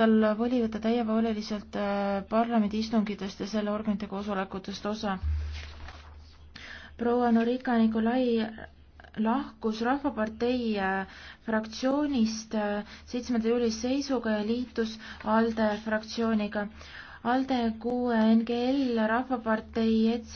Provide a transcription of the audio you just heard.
tal voli võtta täievoliliselt äh, parlamendi istungitest ja selle organite koosolekutest osa. proua Norika Nikolai lahkus Rahvapartei äh, fraktsioonist äh, seitsmenda juuli seisuga ja liitus ALDE fraktsiooniga. ALDE, QNGL, Rahvapartei, ETS